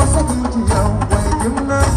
ma sa jëm ci yow way jëm naa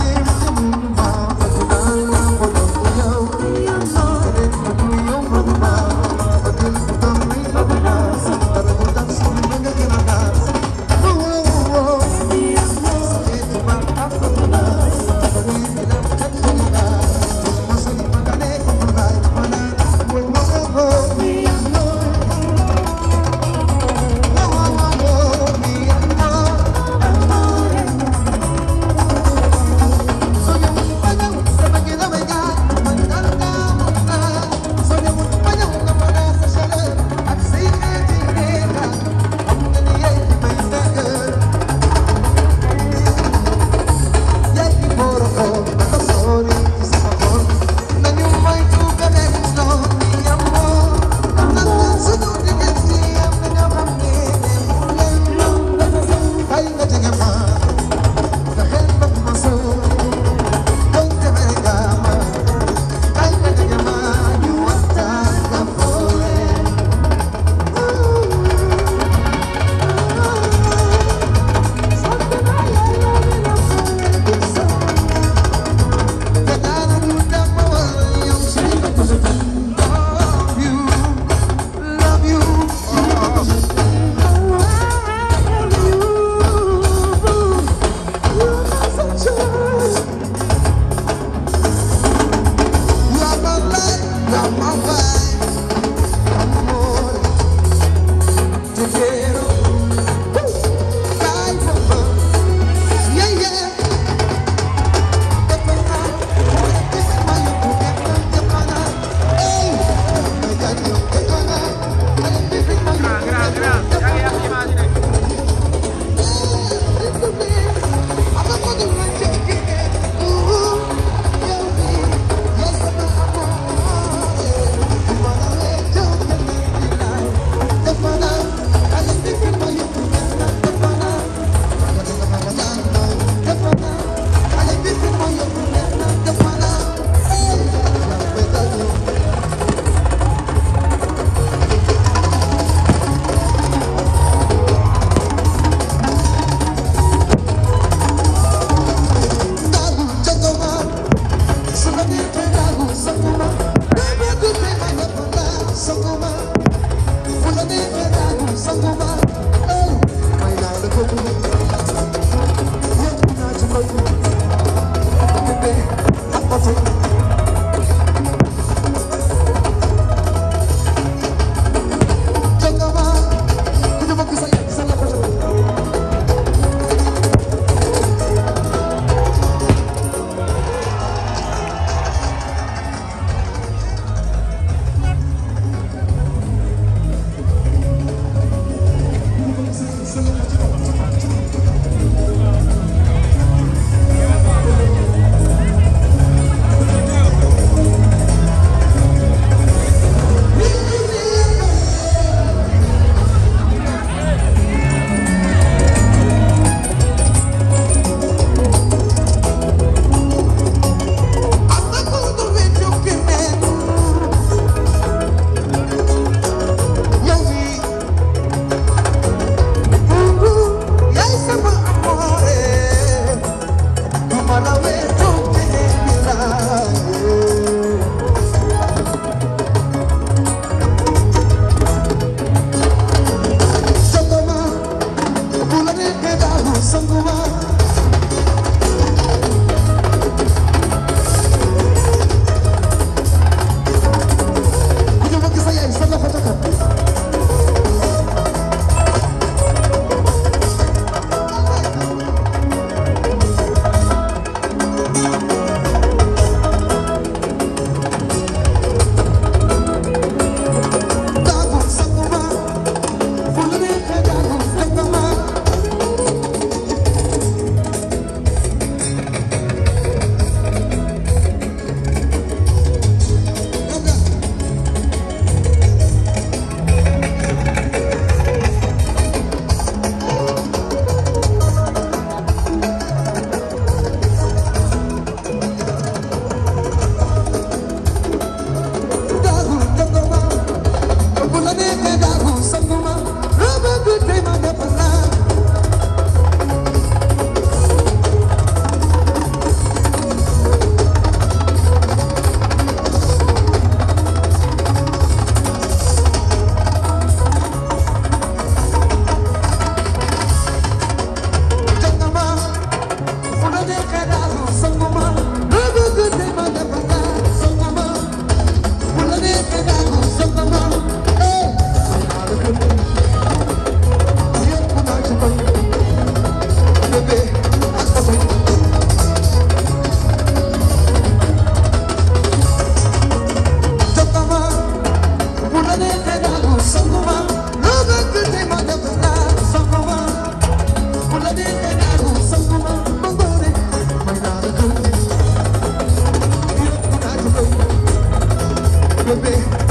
bébé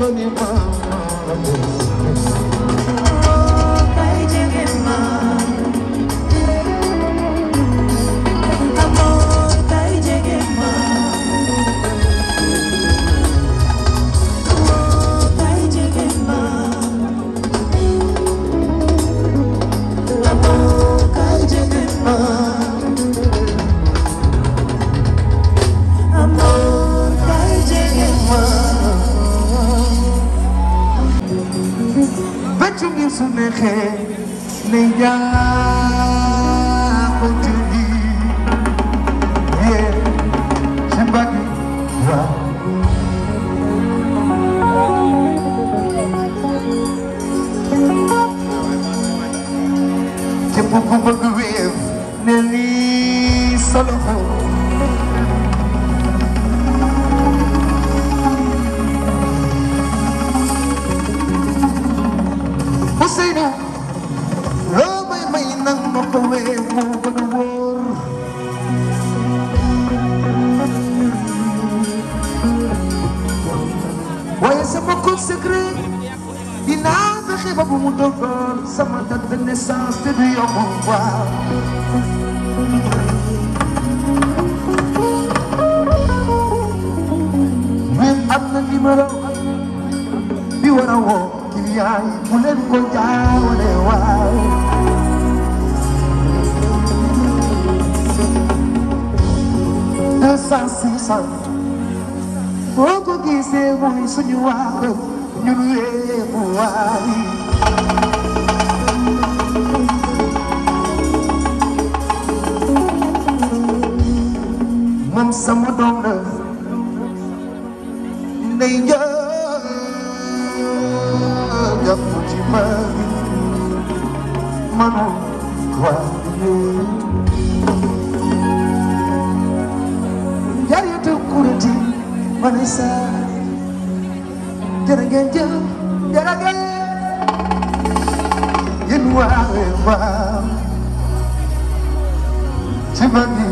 bani mama ñu su neexee ne jaay am na bi war a woo client yi bu leen ko jaawale waay deux cent six cent boo ko gisee mooy suñu waa ñun weebu waay moom sama doom la ndey njaay jàpp ci maam manul waaye jaayatu kurti manisa jërë ngeen jëf jërë ngeen yéen waaye maam ci waaye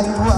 I